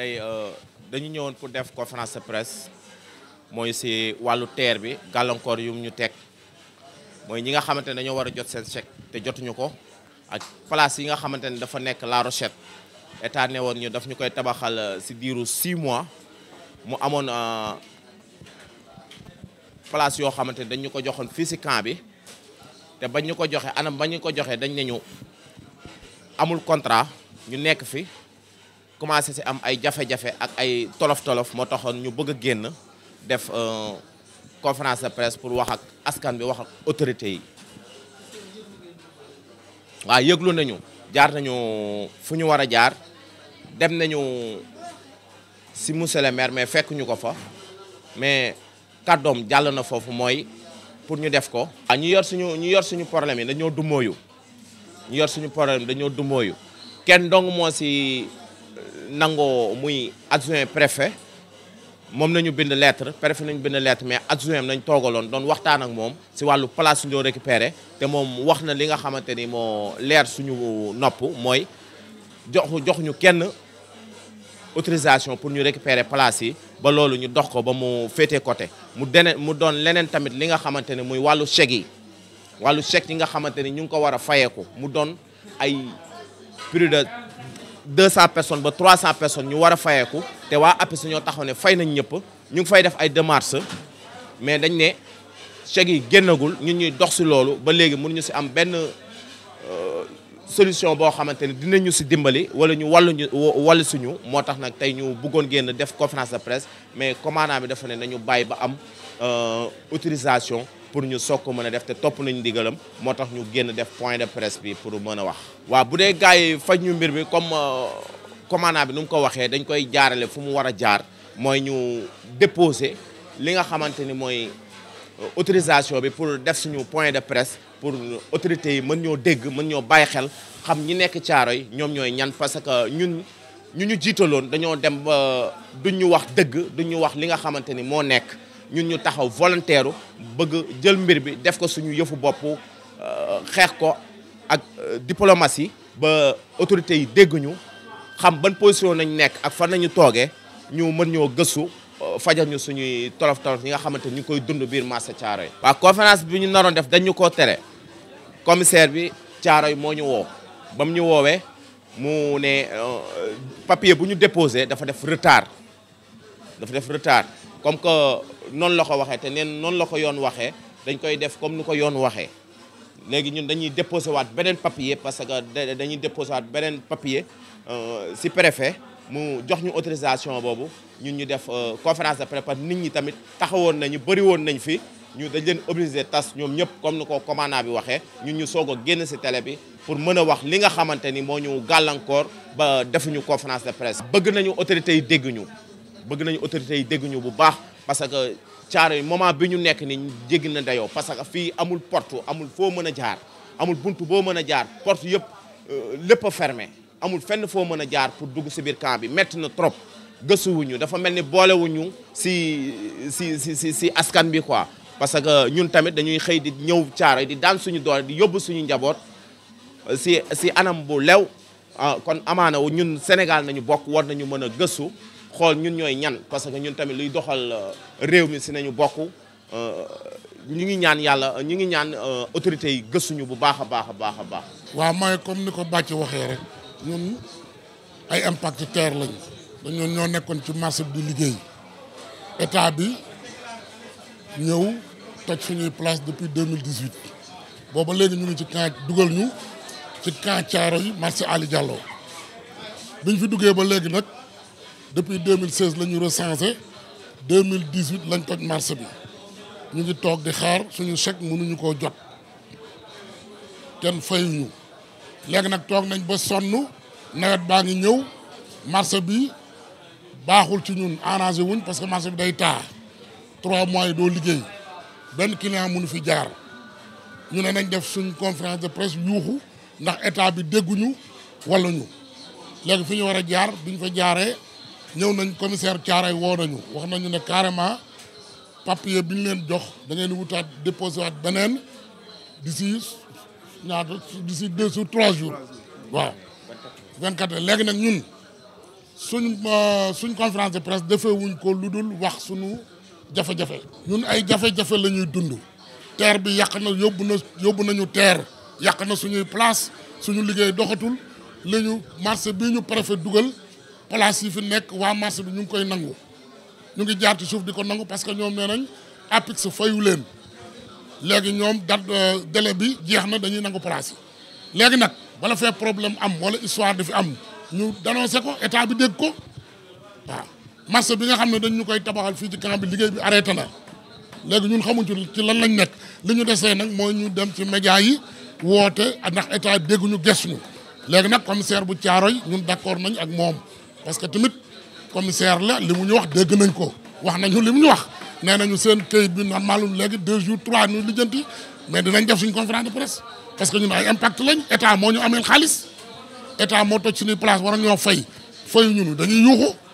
tey euh, dañu ñëwoon pour def conférence de presse mooy si wàllu TER bi gàllankoor yu ñu teg mooy ñi nga xamante ne dañoo war a jot seen chèque te jotuñu ko ak place yi nga xamante ne dafa nekk La Rochette état ne woon ñu daf ñu koy tabaxal euh, si diiru 6 mois mu amoon euh, place yoo xamante ne dañ ko joxoon fii si camp bi te bañ ñu ko joxe anam bañ ñu ko joxe dañ ne ñu amul contrat ñu nekk fi. commencé si am ay jafe-jafe ak ay tolof-tolof moo taxoon ñu bëgg a génn def euh, conférence de presse pour wax ak askan bi wax ak autorités yi waa yëglu nañu jaar nañu fu ñu war a jaar dem nañu si monsieur le maire mais fekkuñu ko fa mais kaddoom jàll na foofu mooy pour ñu def ko. ah ñu yor suñu ñu yor suñu problème yi dañoo dumóoyu ñu yor suñu problème dañoo dumóoyu kenn dong moo nangoo muy adjoint préfet moom nañu bind lettre préfet nañu bind lettre mais adjoint nañ toogaloon doon waxtaan ak moom si wàllu place ñoo récupéré te moom wax na li nga xamante ni moo leer suñu nopp mooy jox jox ñu kenn autorisation pour ñu récupérer place yi ba loolu ñu dox ko ba mu féete côté mu dene mu doon leneen tamit li nga xamante ne muy wàllu chèque yi wàllu chèque yi nga xamante ni ñu ngi ko war a fayeeku mu doon ay plus 200 personnes ba 300 personnes ñu war a fayeeku te waa APIX ñoo taxaw ne fay nañ ñëpp ñu ngi fay def ay démarches mais dañ ne chèques yi génnagul ñu ñuy dox si loolu ba léegi ñu si am benn. Euh, solution boo xamante ni dinañu si dimbali wala ñu wàlluñu wàllu suñu moo tax nag tey ñu buggoon génn def conférence de presse mais commandant bi dafa ne nañu bàyyi ba am euh, autorisation pour ñu soog ko mën a def te topp nañu ndigalam moo tax ñu génn def point de presse bi pour mën a wax. waa bu dee gars yi faj ñu mbir bi comme euh, commandant bi nu mu ko waxee dañ koy jaarale fu mu war a jaar mooy ñu déposer li nga xamante ni mooy. autorisation bi pour def suñu point de presse pour autorité yi mën ñoo dégg mën ñoo bàyyi xel xam ñi nekk caaro yi ñoom ñooy ñan parce que ñun ñu ñu jiitaloon dañoo dem ba duñ ñu wax dëgg duñ ñu wax li nga xamante ni moo nekk ñun ñu taxaw volontaire bëgg jël mbir bi def ko suñu yëfu bopp euh, xeex ko ak euh, diplomatie ba autorités yi dégg ñu xam ban position nañ nekk ak fan nañu toogee ñu mën ñoo gëstu fajal ñu suñuy tolof tolof yi nga xamante ñu koy dund biir marché Thiaroye waaw conférence bi ñu naroon def dañ ñu koo tere comme commissaire bi caaro yi moo ñu woo ba mu ñu woowee mu ne euh, papier bu ñu déposé dafa def retard dafa def retard comme que noonu la ko waxee te neen noonu la ko yoon waxee dañ koy def comme nu ko yoon waxee léegi ñun dañuy déposé waat beneen papier parce que dañuy déposé waat beneen papier euh, si préfet mu jox ñu autorisation boobu ñun ñu def euh, conférence de presse nit ñi tamit taxawoon nañu bëri woon nañ fi ñu dañ leen obligé tas ñoom ñëpp comme nu ko commandant bi waxee ñu ñu soog a génn si télé bi pour mën a wax li nga xamante ni moo ñu gàllankoor ba defuñu conférence de presse. bëgg nañu autorité yi dégguñu bëgg nañu autorités yi dégg bu baax parce que caaro yi moment bi ñu nekk ni jéggi na dayoo parce que fii amul porte amul foo mën a jaar amul buntu boo mën a jaar porte yëpp euh, lépp a fermé. amul fenn foo mën a jaar pour dugg si biir camp bi métti na trop gëstuwuñu dafa mel ni boolewuñu si si si si askan bi quoi parce que ñun tamit dañuy xëy di ñëw caaro di daan suñu doole di yóbbu suñu njaboot si si anam bu lew ah, kon amaana ñun Sénégal nañu bokk war nañu mën a gëstu xool ñun ñooy ñan parce que ñun tamit luy doxal euh, réew mi si nañu bokk euh, ñu ngi ñaan yàlla ñu ngi ñaan euh, autorités yi gëstuñu bu baax a baax a baax a baax waaw mooy comme ni ko bàcc waxee rek ñun ay impacteurs lañ dañoo ñoo nekkoon ci marché bi di liggéey état bi ñëw toj suñuy place depuis 2018 booba léegi ñu ngi ci camp dugal ñu ci camp Thiaro yi marché Ali Diallo biñ fi duggee ba léegi nag depuis 2016 la ñu recensé 2018 lañ toj marché bi ñu ngi toog di xaar suñu chèque mënuñu koo jot kenn fayuñu léegi nag toog nañ ba sonn nawet baa ngi ñëw marché bi baaxul ci ñun arrangé wuñ parce que marché bi day taa trois mois yi doo liggéey benn client munu fi jaar ñu ne nañ def suñ conférence de presse yuuxu ndax état bi dégguñu walla ñu léegi fi ñu war a jaar biñ fa jaaree ñëw nañ commissaire yi woo nañu wax nañu ne carrément papier bi ñu leen jox da ngeen di wutaat déposé waat beneen d'ici ñaar d'ici deux jours trois jours waaw vingt quatre heures léegi nag ñun suñ euh, suñ conférence de presse defee wuñ ko lu dul wax suñu jafe-jafe ñun ay jafe-jafe la ñuy dund terre bi yàq na yóbbu na yóbbu nañu terre yàq na suñuy place suñu liggéey doxatul li ñu bi ñu préfet dugal place yi fi nekk waa marché bi ñu ngi koy nangu ñu ngi jaar ci suuf di ko nangu parce que ñoom nee nañ APIX fayu leen léegi ñoom date euh, délai bi jeex na dañuy nangu place yi léegi nag wala fee problème am wala histoire di fi am ñu dénoncé ko état bi dégg ko waaw marché bi nga xam ne dañu ñu koy tabaxal fii ci camp bi liggéey bi arrêté na léegi ñun xamuñ ci lan lañ nekk li ñu desee nag mooy ñu dem ci média yi woote ndax état dégguñu gëstu ñu léegi nag commissaire bu Thiaroye ñun d'accord nañ ak moom parce que tamit commissaire la li mu ñu wax dégg nañ ko wax nañu li mu ñu wax nee nañu seen kayit bi normalul léegi deux jours trois ñu lijjanti mais dinañ def suñ conférence de presse parce que ñun ay impact lañ état moo ñu ameel xaalis état moo toj suñuy place war a ñoo fay fayu ñunu dañuy